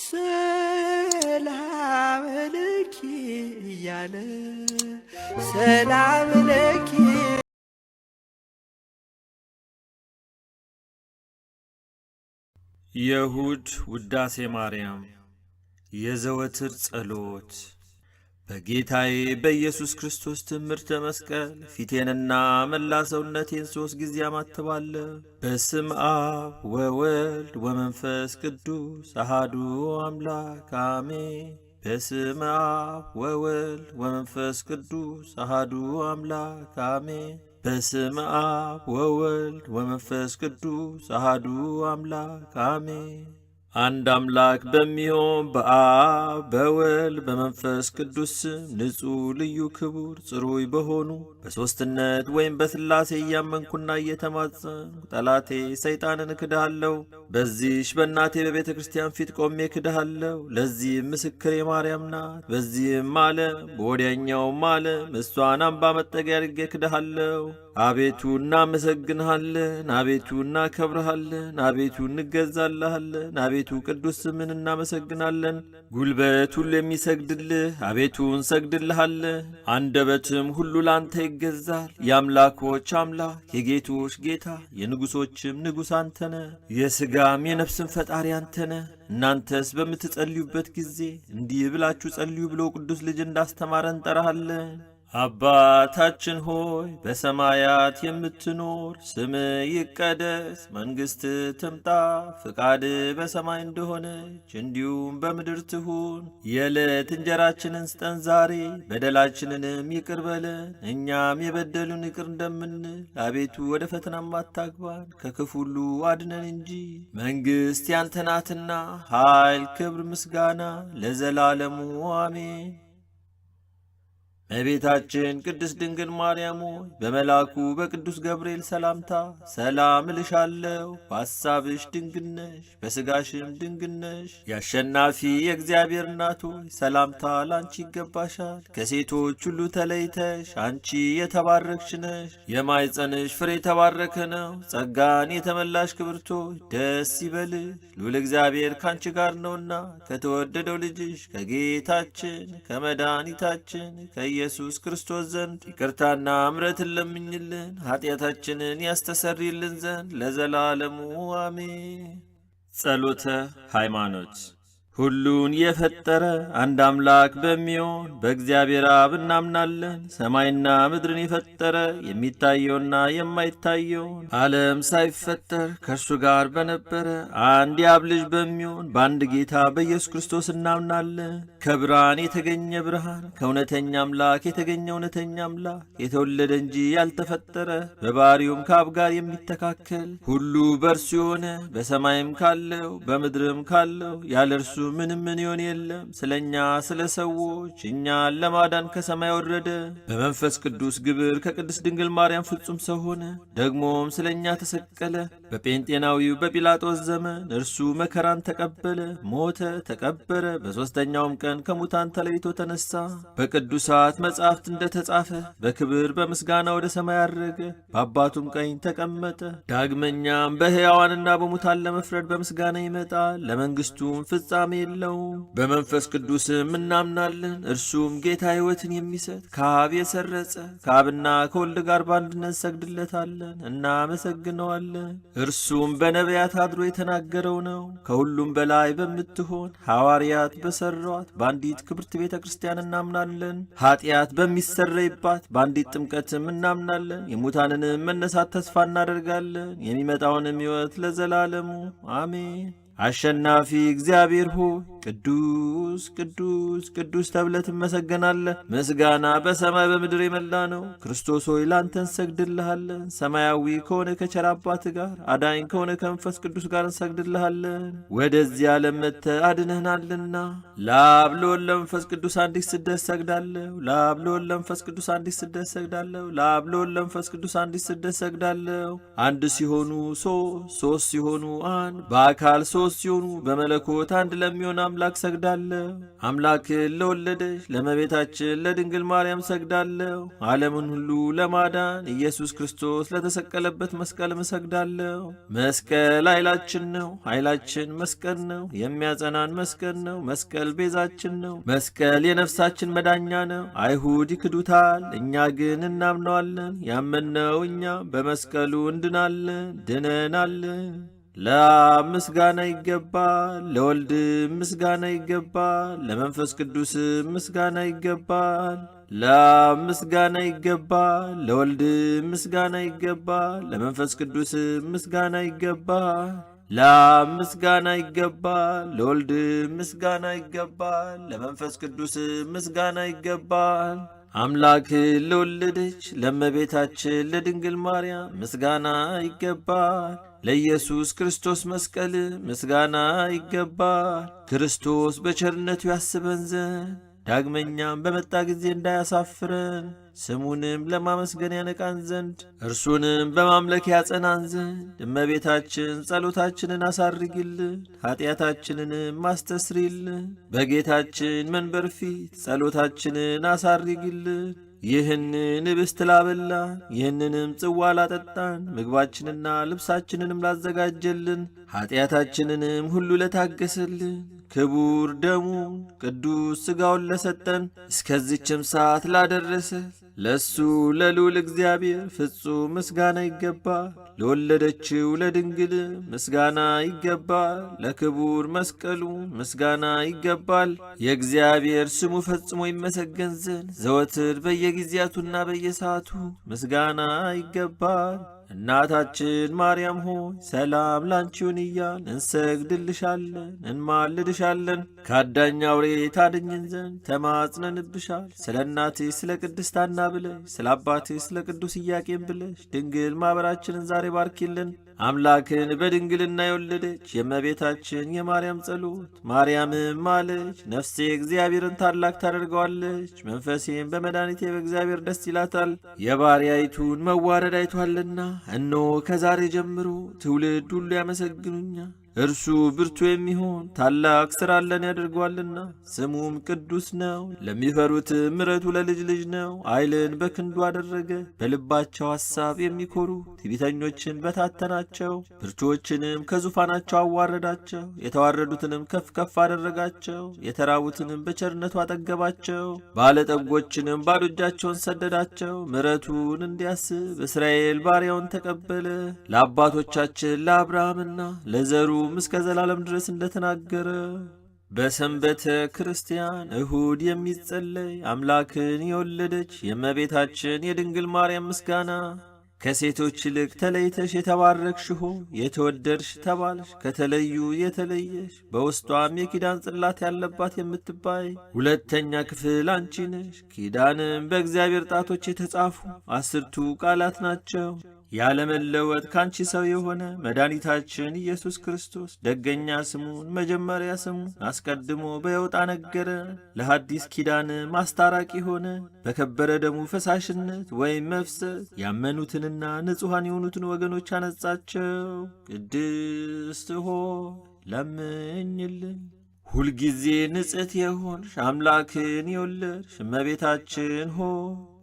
ሰላም ለኪ እያለ ሰላም ለኪ የእሁድ ውዳሴ ማርያም የዘወትር ጸሎት በጌታዬ በኢየሱስ ክርስቶስ ትምህርተ መስቀል ፊቴንና መላ ሰውነቴን ሦስት ጊዜ አማትባለሁ። በስም አብ ወወልድ ወመንፈስ ቅዱስ አሃዱ አምላክ አሜን። በስም አብ ወወልድ ወመንፈስ ቅዱስ አሃዱ አምላክ አሜን። በስም አብ ወወልድ ወመንፈስ ቅዱስ አሃዱ አምላክ አሜን። አንድ አምላክ በሚሆን በአብ በወልድ በመንፈስ ቅዱስ ንጹሕ ልዩ ክቡር ጽሩይ በሆኑ በሦስትነት ወይም በሥላሴ እያመንኩና እየተማጸንኩ ጠላቴ ሰይጣንን እክድሃለሁ። በዚሽ በእናቴ በቤተ ክርስቲያን ፊት ቆሜ እክድሃለሁ። ለዚህም ምስክሬ ማርያም ናት። በዚህም ዓለም በወዲያኛውም ዓለም እሷን አምባ መጠጊያ አድርጌ እክድሃለሁ። አቤቱ እናመሰግንሃለን፣ አቤቱ እናከብርሃለን፣ አቤቱ እንገዛልሃለን፣ አቤቱ ቅዱስ ስምን እናመሰግናለን። ጉልበት ሁሉ የሚሰግድልህ አቤቱ እንሰግድልሃለን፣ አንደበትም ሁሉ ላንተ ይገዛል። የአምላኮች አምላክ የጌቶች ጌታ የንጉሶችም ንጉሥ አንተነ፣ የሥጋም የነፍስም ፈጣሪ አንተነ። እናንተስ በምትጸልዩበት ጊዜ እንዲህ ብላችሁ ጸልዩ ብሎ ቅዱስ ልጅ እንዳስተማረ እንጠራሃለን። አባታችን ሆይ በሰማያት የምትኖር፣ ስም ይቀደስ፣ መንግሥት ትምጣ፣ ፍቃድ በሰማይ እንደሆነች እንዲሁም በምድር ትሁን። የዕለት እንጀራችንን ስጠን ዛሬ፣ በደላችንንም ይቅር በለን እኛም የበደሉን ይቅር እንደምንል፣ አቤቱ ወደ ፈተናም አታግባን፣ ከክፉ ሁሉ አድነን እንጂ መንግሥት ያንተ ናትና፣ ኃይል፣ ክብር፣ ምስጋና ለዘላለሙ አሜን። እመቤታችን ቅድስት ድንግል ማርያም ሆይ በመልአኩ በቅዱስ ገብርኤል ሰላምታ ሰላም እልሻለሁ። በሐሳብሽ ድንግል ነሽ፣ በሥጋሽም ድንግል ነሽ። የአሸናፊ የእግዚአብሔር እናት ሆይ ሰላምታ ላንቺ ይገባሻል። ከሴቶች ሁሉ ተለይተሽ አንቺ የተባረክሽ ነሽ። የማይጸንሽ ፍሬ የተባረከ ነው። ጸጋን የተመላሽ ክብርት ሆይ ደስ ይበልሽ፣ ልዑል እግዚአብሔር ካንቺ ጋር ነውና ከተወደደው ልጅሽ ከጌታችን ከመድኃኒታችን ከየ ኢየሱስ ክርስቶስ ዘንድ ይቅርታና እምረትን ለምኝልን ኃጢአታችንን ያስተሰሪልን ዘንድ ለዘላለሙ አሜን። ጸሎተ ሃይማኖት ሁሉን የፈጠረ አንድ አምላክ በሚሆን በእግዚአብሔር አብ እናምናለን። ሰማይና ምድርን የፈጠረ የሚታየውና የማይታየውን ዓለም ሳይፈጠር ከእርሱ ጋር በነበረ አንድ የአብ ልጅ በሚሆን በአንድ ጌታ በኢየሱስ ክርስቶስ እናምናለን። ከብርሃን የተገኘ ብርሃን፣ ከእውነተኛ አምላክ የተገኘ እውነተኛ አምላክ፣ የተወለደ እንጂ ያልተፈጠረ፣ በባሪውም ከአብ ጋር የሚተካከል፣ ሁሉ በእርሱ የሆነ በሰማይም ካለው በምድርም ካለው ያለ እርሱ ምንም ይሆን የለም ስለ እኛ ስለ ሰዎች እኛን ለማዳን ከሰማይ ወረደ። በመንፈስ ቅዱስ ግብር ከቅድስት ድንግል ማርያም ፍጹም ሰው ሆነ። ደግሞም ስለ እኛ ተሰቀለ። በጴንጤናዊው በጲላጦስ ዘመን እርሱ መከራን ተቀበለ፣ ሞተ፣ ተቀበረ። በሦስተኛውም ቀን ከሙታን ተለይቶ ተነሳ። በቅዱሳት መጻሕፍት እንደተጻፈ በክብር በምስጋና ወደ ሰማይ አረገ፣ በአባቱም ቀኝ ተቀመጠ። ዳግመኛም በሕያዋንና በሙታን ለመፍረድ በምስጋና ይመጣል። ለመንግሥቱም ፍጻሜ ሰላም የለው። በመንፈስ ቅዱስም እናምናለን። እርሱም ጌታ ሕይወትን የሚሰጥ ከአብ የሰረጸ ከአብና ከወልድ ጋር በአንድነት ሰግድለታለን፣ እናመሰግነዋለን። እርሱም በነቢያት አድሮ የተናገረው ነው። ከሁሉም በላይ በምትሆን ሐዋርያት በሠሯት በአንዲት ክብርት ቤተ ክርስቲያን እናምናለን። ኀጢአት በሚሰረይባት በአንዲት ጥምቀትም እናምናለን። የሙታንንም መነሳት ተስፋ እናደርጋለን። የሚመጣውንም ሕይወት ለዘላለሙ አሜን። አሸናፊ እግዚአብሔር ሆይ ቅዱስ ቅዱስ ቅዱስ ተብለ ትመሰገናለህ። ምስጋና በሰማይ በምድር የመላ ነው። ክርስቶስ ሆይ ላንተ እንሰግድልሃለን። ሰማያዊ ከሆነ ከቸር አባት ጋር አዳኝ ከሆነ ከመንፈስ ቅዱስ ጋር እንሰግድልሃለን። ወደዚህ ዓለም መጥተ አድነህናልና ለአብ ለወልድ ለመንፈስ ቅዱስ አንዲት ስደት ሰግዳለሁ። ለአብ ለወልድ ለመንፈስ ቅዱስ አንዲት ስግደት ሰግዳለሁ። ለአብ ለወልድ ለመንፈስ ቅዱስ አንዲት ስግደት ሰግዳለሁ። አንድ ሲሆኑ ሶስት ሶስት ሲሆኑ አንድ በአካል ሶስት ክርስቶስ ሲሆኑ በመለኮት አንድ ለሚሆን አምላክ ሰግዳለሁ። አምላክን ለወለደች ለመቤታችን ለድንግል ማርያም ሰግዳለሁ። ዓለምን ሁሉ ለማዳን ኢየሱስ ክርስቶስ ለተሰቀለበት መስቀል እሰግዳለሁ። መስቀል ኃይላችን ነው። ኃይላችን መስቀል ነው። የሚያጸናን መስቀል ነው። መስቀል ቤዛችን ነው። መስቀል የነፍሳችን መዳኛ ነው። አይሁድ ይክዱታል፣ እኛ ግን እናምነዋለን። ያመንነው እኛ በመስቀሉ እንድናለን፣ ድነናለን። ለአብ ምስጋና ይገባል፣ ለወልድ ምስጋና ይገባል፣ ለመንፈስ ቅዱስ ምስጋና ይገባል። ለአብ ምስጋና ይገባል፣ ለወልድ ምስጋና ይገባል፣ ለመንፈስ ቅዱስ ምስጋና ይገባል። ለአብ ምስጋና ይገባል፣ ለወልድ ምስጋና ይገባል፣ ለመንፈስ ቅዱስ ምስጋና ይገባል። አምላክ ለወለደች ለመቤታችን ለድንግል ማርያም ምስጋና ይገባል። ለኢየሱስ ክርስቶስ መስቀል ምስጋና ይገባል። ክርስቶስ በቸርነቱ ያስበን ዘንድ ዳግመኛም በመጣ ጊዜ እንዳያሳፍረን ስሙንም ለማመስገን ያነቃን ዘንድ እርሱንም በማምለክ ያጸናን ዘንድ እመቤታችን ጸሎታችንን አሳርግልን፣ ኃጢአታችንንም ማስተስሪልን። በጌታችን መንበር ፊት ጸሎታችንን አሳርግልን ይህንን ኅብስት ላበላን ይህንንም ጽዋ ላጠጣን ምግባችንና ልብሳችንንም ላዘጋጀልን ኀጢአታችንንም ሁሉ ለታገሰልን ክቡር ደሙ ቅዱስ ሥጋውን ለሰጠን እስከዚችም ሰዓት ላደረሰ ለሱ ለሉል እግዚአብሔር ፍጹም ምስጋና ይገባ ለወለደችው ለድንግል ምስጋና ይገባ፣ ለክቡር መስቀሉ ምስጋና ይገባል። የእግዚአብሔር ስሙ ፈጽሞ ይመሰገን ዘንድ ዘወትር በየጊዜያቱና በየሰዓቱ ምስጋና ይገባል። እናታችን ማርያም ሆይ ሰላም ላንቺውን እያል እንሰግድልሻለን፣ እንማልድሻለን። ከአዳኝ አውሬ ታድኝን ዘንድ ተማጽነንብሻል። ስለ እናትሽ ስለ ቅድስት ሐና ብለሽ ስለ አባትሽ ስለ ቅዱስ ኢያቄም ብለሽ ድንግል ማኅበራችንን ዛሬ ባርኪልን። አምላክን በድንግልና የወለደች የእመቤታችን የማርያም ጸሎት ማርያምም አለች፣ ነፍሴ እግዚአብሔርን ታላቅ ታደርገዋለች፣ መንፈሴም በመድኃኒቴ በእግዚአብሔር ደስ ይላታል። የባሪያይቱን መዋረድ አይቷልና እነሆ ከዛሬ ጀምሮ ትውልድ ሁሉ ያመሰግኑኛል። እርሱ ብርቱ የሚሆን ታላቅ ስራለን ያደርገዋልና ስሙም ቅዱስ ነው። ለሚፈሩት ምረቱ ለልጅ ልጅ ነው። ኃይልን በክንዱ አደረገ። በልባቸው ሐሳብ የሚኮሩ ትዕቢተኞችን በታተናቸው። ብርቱዎችንም ከዙፋናቸው አዋረዳቸው። የተዋረዱትንም ከፍ ከፍ አደረጋቸው። የተራቡትንም በቸርነቱ አጠገባቸው። ባለጠጎችንም ባዶ እጃቸውን ሰደዳቸው። ምረቱን እንዲያስብ እስራኤል ባሪያውን ተቀበለ። ለአባቶቻችን ለአብርሃምና ለዘሩ እስከ ዘላለም ድረስ እንደተናገረ በሰንበተ ክርስቲያን እሁድ የሚጸለይ አምላክን የወለደች የእመቤታችን የድንግል ማርያም ምስጋና ከሴቶች ይልቅ ተለይተሽ የተባረክሽ ሆይ የተወደድሽ ተባልሽ፣ ከተለዩ የተለየሽ በውስጧም የኪዳን ጽላት ያለባት የምትባይ ሁለተኛ ክፍል አንቺ ነሽ። ኪዳንም በእግዚአብሔር ጣቶች የተጻፉ አስርቱ ቃላት ናቸው። ያለመለወጥ ካንቺ ሰው የሆነ መድኃኒታችን ኢየሱስ ክርስቶስ ደገኛ ስሙን መጀመሪያ ስሙን አስቀድሞ በየውጣ ነገረ ለሐዲስ ኪዳን ማስታራቂ ሆነ በከበረ ደሙ ፈሳሽነት ወይም መፍሰስ ያመኑትንና ንጹሐን የሆኑትን ወገኖች አነጻቸው። ቅድስት ሆይ ለምኝልን። ሁልጊዜ ንጽት የሆንሽ አምላክን የወለድሽ እመቤታችን ሆይ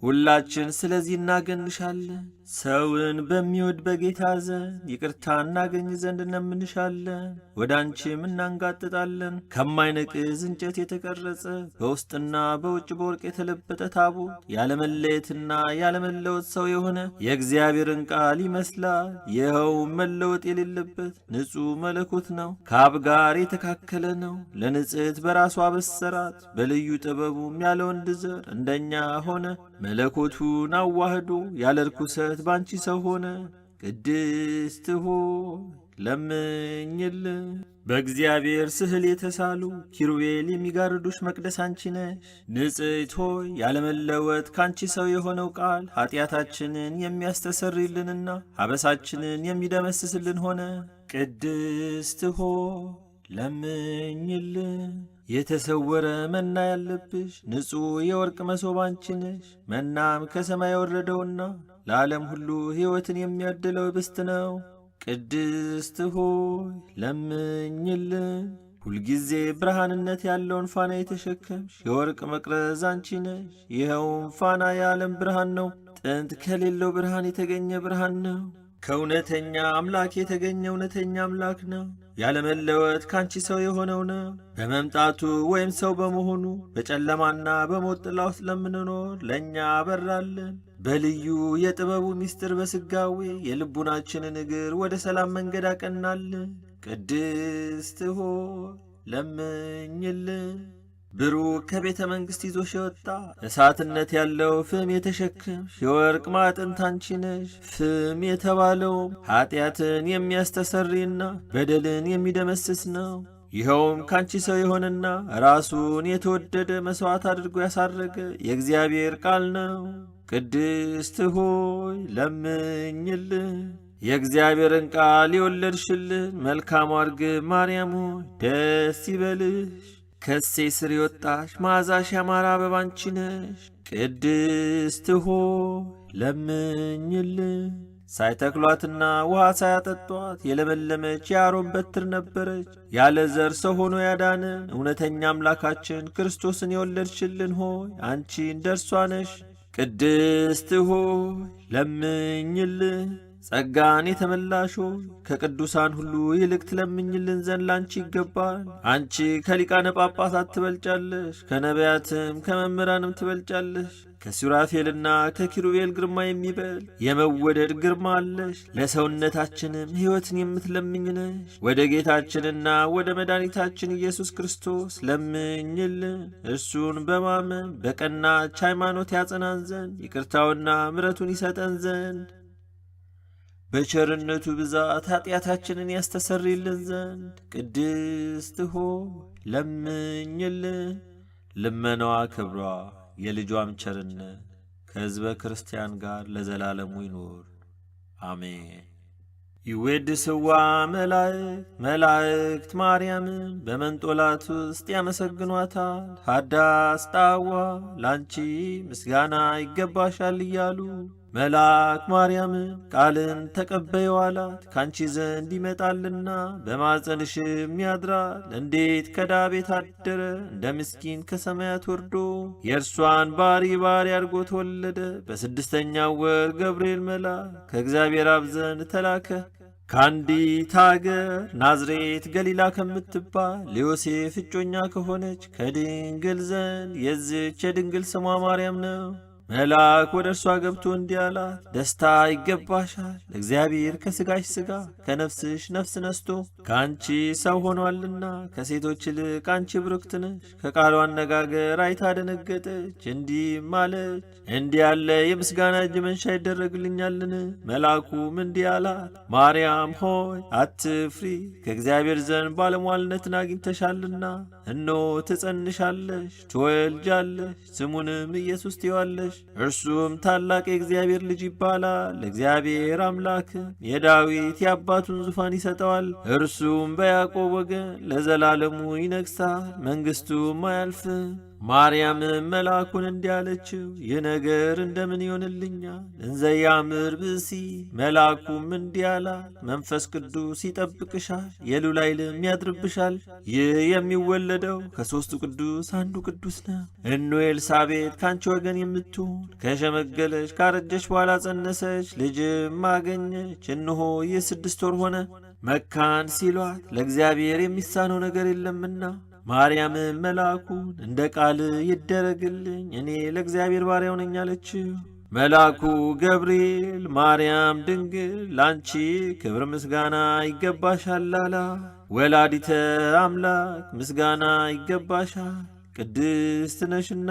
ሁላችን ስለዚህ እናገንሻለን። ሰውን በሚወድ በጌታ ዘንድ ይቅርታ እናገኝ ዘንድ እነምንሻለን። ወደ አንቺም እናንጋጥጣለን። ከማይነቅዝ እንጨት የተቀረጸ በውስጥና በውጭ በወርቅ የተለበጠ ታቦት ያለመለየትና ያለመለወጥ ሰው የሆነ የእግዚአብሔርን ቃል ይመስላል። ይኸው መለወጥ የሌለበት ንጹሕ መለኮት ነው። ከአብ ጋር የተካከለ ነው። ለንጽሕት በራሱ አበሰራት። በልዩ ጥበቡም ያለ ወንድ ዘር እንደኛ ሆነ። መለኮቱን አዋህዶ ያለ ርኩሰት ባንቺ ሰው ሆነ። ቅድስት ሆይ ለምኝልን። በእግዚአብሔር ስዕል የተሳሉ ኪሩቤል የሚጋርዱሽ መቅደስ አንቺ ነሽ። ንጽሕት ሆይ ያለመለወጥ ካንቺ ሰው የሆነው ቃል ኀጢአታችንን የሚያስተሰርልንና አበሳችንን የሚደመስስልን ሆነ። ቅድስት ሆይ ለምኝልን። የተሰወረ መና ያለብሽ ንጹሕ የወርቅ መሶብ አንቺ ነሽ። መናም ከሰማይ የወረደውና ለዓለም ሁሉ ሕይወትን የሚያድለው ኅብስት ነው። ቅድስት ሆይ ለምኝልን። ሁልጊዜ ብርሃንነት ያለውን ፋና የተሸከምሽ የወርቅ መቅረዝ አንቺ ነሽ። ይኸውም ፋና የዓለም ብርሃን ነው። ጥንት ከሌለው ብርሃን የተገኘ ብርሃን ነው። ከእውነተኛ አምላክ የተገኘ እውነተኛ አምላክ ነው። ያለመለወት ካንቺ ሰው የሆነው ነው። በመምጣቱ ወይም ሰው በመሆኑ በጨለማና በሞት ጥላ ውስጥ ለምንኖር ለእኛ አበራልን። በልዩ የጥበቡ ምስጢር በስጋዌ የልቡናችንን እግር ወደ ሰላም መንገድ አቀናልን። ቅድስት ሆይ ለምኝልን። ብሩክ ከቤተ መንግሥት ይዞ ሲወጣ እሳትነት ያለው ፍም የተሸከምሽ የወርቅ ማዕጠንት አንቺ ነሽ። ፍም የተባለውም ኀጢአትን የሚያስተሰሪና በደልን የሚደመስስ ነው። ይኸውም ካንቺ ሰው የሆነና ራሱን የተወደደ መሥዋዕት አድርጎ ያሳረገ የእግዚአብሔር ቃል ነው። ቅድስት ሆይ ለምኝልን። የእግዚአብሔርን ቃል የወለድሽልን መልካሟ እርግብ ማርያም ሆይ ደስ ይበልሽ። ከሴ ስር የወጣሽ ማዛሽ ያማረ አበባ አንቺ ነሽ። ቅድስት ሆይ ለምኝልን። ሳይተክሏትና ውሃ ሳያጠጧት የለመለመች የአሮን በትር ነበረች። ያለ ዘር ሰው ሆኖ ያዳንን እውነተኛ አምላካችን ክርስቶስን የወለድሽልን ሆይ አንቺ እንደርሷ ነሽ። ቅድስት ሆይ ለምኝልን። ጸጋን የተመላሽ ከቅዱሳን ሁሉ ይልቅ ትለምኝልን ዘንድ ላንቺ ይገባል። አንቺ ከሊቃነ ጳጳሳት ትበልጫለሽ፣ ከነቢያትም ከመምህራንም ትበልጫለሽ። ከሱራፌልና ከኪሩቤል ግርማ የሚበል የመወደድ ግርማ አለሽ። ለሰውነታችንም ሕይወትን የምትለምኝ ነሽ። ወደ ጌታችንና ወደ መድኃኒታችን ኢየሱስ ክርስቶስ ለምኝልን። እርሱን በማመን በቀናች ሃይማኖት ያጸናን ዘንድ ይቅርታውና ምረቱን ይሰጠን ዘንድ በቸርነቱ ብዛት ኃጢአታችንን ያስተሰርይልን ዘንድ ቅድስት ሆ ለምኝልን። ልመናዋ ክብሯ የልጇም ቸርነት ከሕዝበ ክርስቲያን ጋር ለዘላለሙ ይኖር አሜን። ይዌድስዋ መላእክት መላእክት ማርያምን በመንጦላት ውስጥ ያመሰግኗታል። ሃዳስ ጣዋ ላንቺ ምስጋና ይገባሻል እያሉ መልአክ ማርያም ቃልን ተቀበዩ አላት፣ ካንቺ ዘንድ ይመጣልና በማጸንሽም ያድራል። እንዴት ከዳቤ ታደረ እንደ ምስኪን ከሰማያት ወርዶ የእርሷን ባሪ ባሪ አድርጎ ተወለደ። በስድስተኛው ወር ገብርኤል መልአክ ከእግዚአብሔር አብ ዘንድ ተላከ ከአንዲት አገር ናዝሬት ገሊላ ከምትባል ለዮሴፍ እጮኛ ከሆነች ከድንግል ዘንድ የዝች የድንግል ስሟ ማርያም ነው። መልአክ ወደ እርሷ ገብቶ እንዲህ አላት፣ ደስታ ይገባሻል፣ ለእግዚአብሔር ከሥጋሽ ሥጋ ከነፍስሽ ነፍስ ነስቶ ከአንቺ ሰው ሆኗልና። ከሴቶች ይልቅ አንቺ ብሩክት ነሽ። ከቃሉ አነጋገር አይታ ደነገጠች፣ እንዲህም አለች፣ እንዲህ ያለ የምስጋና እጅ መንሻ ይደረግልኛልን? መልአኩም እንዲህ አላት፣ ማርያም ሆይ አትፍሪ፣ ከእግዚአብሔር ዘንድ ባለሟልነትን አግኝተሻልና። እኖ ትጸንሻለሽ፣ ትወልጃለሽ፣ ስሙንም ኢየሱስ ትይዋለሽ እርሱም ታላቅ የእግዚአብሔር ልጅ ይባላል። እግዚአብሔር አምላክ የዳዊት የአባቱን ዙፋን ይሰጠዋል። እርሱም በያዕቆብ ወገን ለዘላለሙ ይነግሣል፣ መንግሥቱም አያልፍ። ማርያም መልአኩን እንዲያለችው ይህ ነገር እንደምን ይሆንልኛል? እንዘያምር ብእሲ። መላኩም እንዲያላ መንፈስ ቅዱስ ይጠብቅሻል፣ የልዑል ኃይልም ያድርብሻል። ይህ የሚወለደው ከሦስቱ ቅዱስ አንዱ ቅዱስ ነው። እኖ ኤልሳቤጥ ከአንቺ ወገን የምትሆን ከሸመገለች ካረጀች በኋላ ጸነሰች፣ ልጅም አገኘች። እንሆ ይህ ስድስት ወር ሆነ። መካን ሲሏት ለእግዚአብሔር የሚሳነው ነገር የለምና ማርያምን መልአኩን እንደ ቃል ይደረግልኝ እኔ ለእግዚአብሔር ባሪያው ነኝ አለችው። መልአኩ ገብርኤል ማርያም ድንግል ላንቺ ክብር ምስጋና ይገባሻል አላ ወላዲተ አምላክ ምስጋና ይገባሻል፣ ቅድስት ነሽና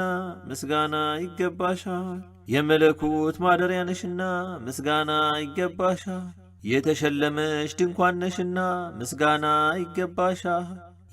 ምስጋና ይገባሻል፣ የመለኮት ማደሪያ ነሽና ምስጋና ይገባሻል፣ የተሸለመሽ ድንኳን ነሽና ምስጋና ይገባሻል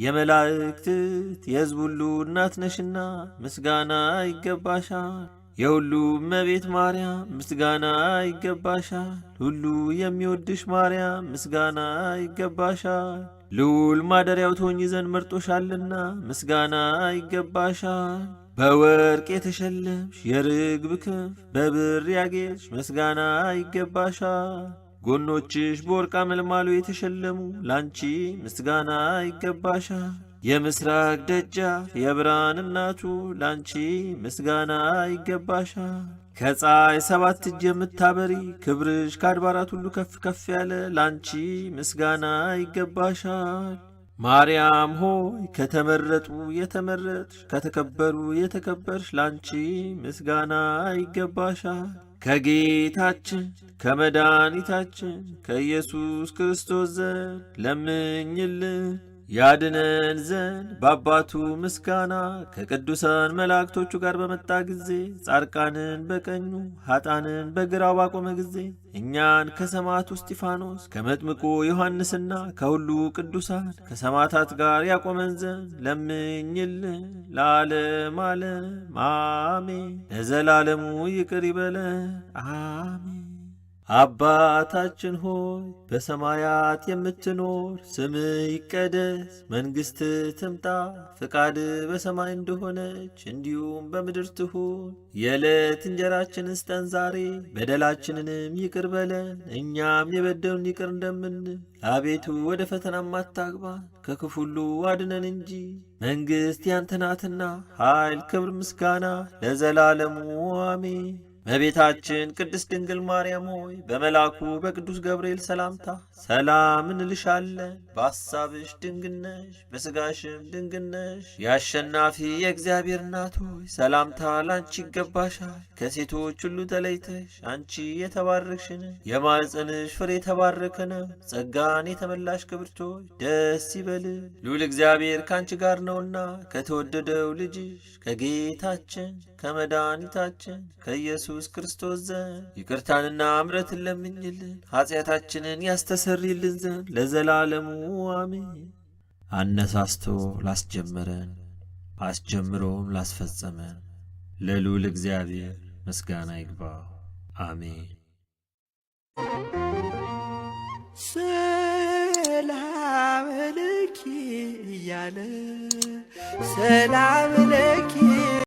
የመላእክትት የሕዝብ ሁሉ እናት ነሽና ምስጋና ይገባሻል። የሁሉ እመቤት ማርያም ምስጋና ይገባሻል። ሁሉ የሚወድሽ ማርያም ምስጋና ይገባሻል። ልዑል ማደሪያው ትሆኚ ዘንድ መርጦሻልና ምስጋና ይገባሻል። በወርቅ የተሸለምሽ የርግብ ክንፍ በብር ያጌጥሽ ምስጋና ይገባሻል። ጎኖችሽ በወርቃ መልማሉ የተሸለሙ ላንቺ ምስጋና ይገባሻል። የምስራቅ ደጃፍ የብርሃን እናቱ ላንቺ ምስጋና ይገባሻል። ከፀሐይ ሰባት እጅ የምታበሪ ክብርሽ ከአድባራት ሁሉ ከፍ ከፍ ያለ ላንቺ ምስጋና ይገባሻል። ማርያም ሆይ ከተመረጡ የተመረጥሽ ከተከበሩ የተከበርሽ ላንቺ ምስጋና ይገባሻል። ከጌታችን ከመድኃኒታችን ከኢየሱስ ክርስቶስ ዘንድ ለምኝልን። ያድነን ዘንድ በአባቱ ምስጋና ከቅዱሳን መላእክቶቹ ጋር በመጣ ጊዜ ጻድቃንን በቀኙ ኃጣንን በግራው ባቆመ ጊዜ እኛን ከሰማዕቱ እስጢፋኖስ ከመጥምቁ ዮሐንስና ከሁሉ ቅዱሳን ከሰማዕታት ጋር ያቆመን ዘንድ ለምኝልን። ለዓለም ዓለም አሜን። ለዘላለሙ ይቅር ይበለን አሜን። አባታችን ሆይ በሰማያት የምትኖር፣ ስም ይቀደስ፣ መንግሥት ትምጣ፣ ፍቃድ በሰማይ እንደሆነች እንዲሁም በምድር ትሁን። የዕለት እንጀራችንን ስጠን ዛሬ፣ በደላችንንም ይቅር በለን እኛም የበደውን ይቅር እንደምንል። አቤቱ ወደ ፈተናም አታግባን፣ ከክፉ ሁሉ አድነን እንጂ መንግሥት ያንተ ናትና፣ ኃይል፣ ክብር፣ ምስጋና ለዘላለሙ አሜን። እመቤታችን ቅድስት ድንግል ማርያም ሆይ በመልአኩ በቅዱስ ገብርኤል ሰላምታ ሰላም እንልሻለን። በሐሳብሽ ድንግነሽ በሥጋሽም ድንግነሽ የአሸናፊ የእግዚአብሔር እናት ሆይ ሰላምታ ላንቺ ይገባሻል። ከሴቶች ሁሉ ተለይተሽ አንቺ የተባረክሽ ነሽ፣ የማኅፀንሽ ፍሬ የተባረከ ነው። ጸጋን የተመላሽ ክብርት ሆይ ደስ ይበል ልዑል እግዚአብሔር ከአንቺ ጋር ነውና ከተወደደው ልጅሽ ከጌታችን ከመድኃኒታችን ከኢየሱስ ኢየሱስ ክርስቶስ ዘንድ ይቅርታንና እምረትን ለምኝልን ኃጢአታችንን ያስተሰሪልን ዘንድ ለዘላለሙ አሜን። አነሳስቶ ላስጀመረን አስጀምሮም ላስፈጸመን ለልዑል እግዚአብሔር ምስጋና ይግባው፣ አሜን። ሰላም ለኪ እያለ ሰላም ለኪ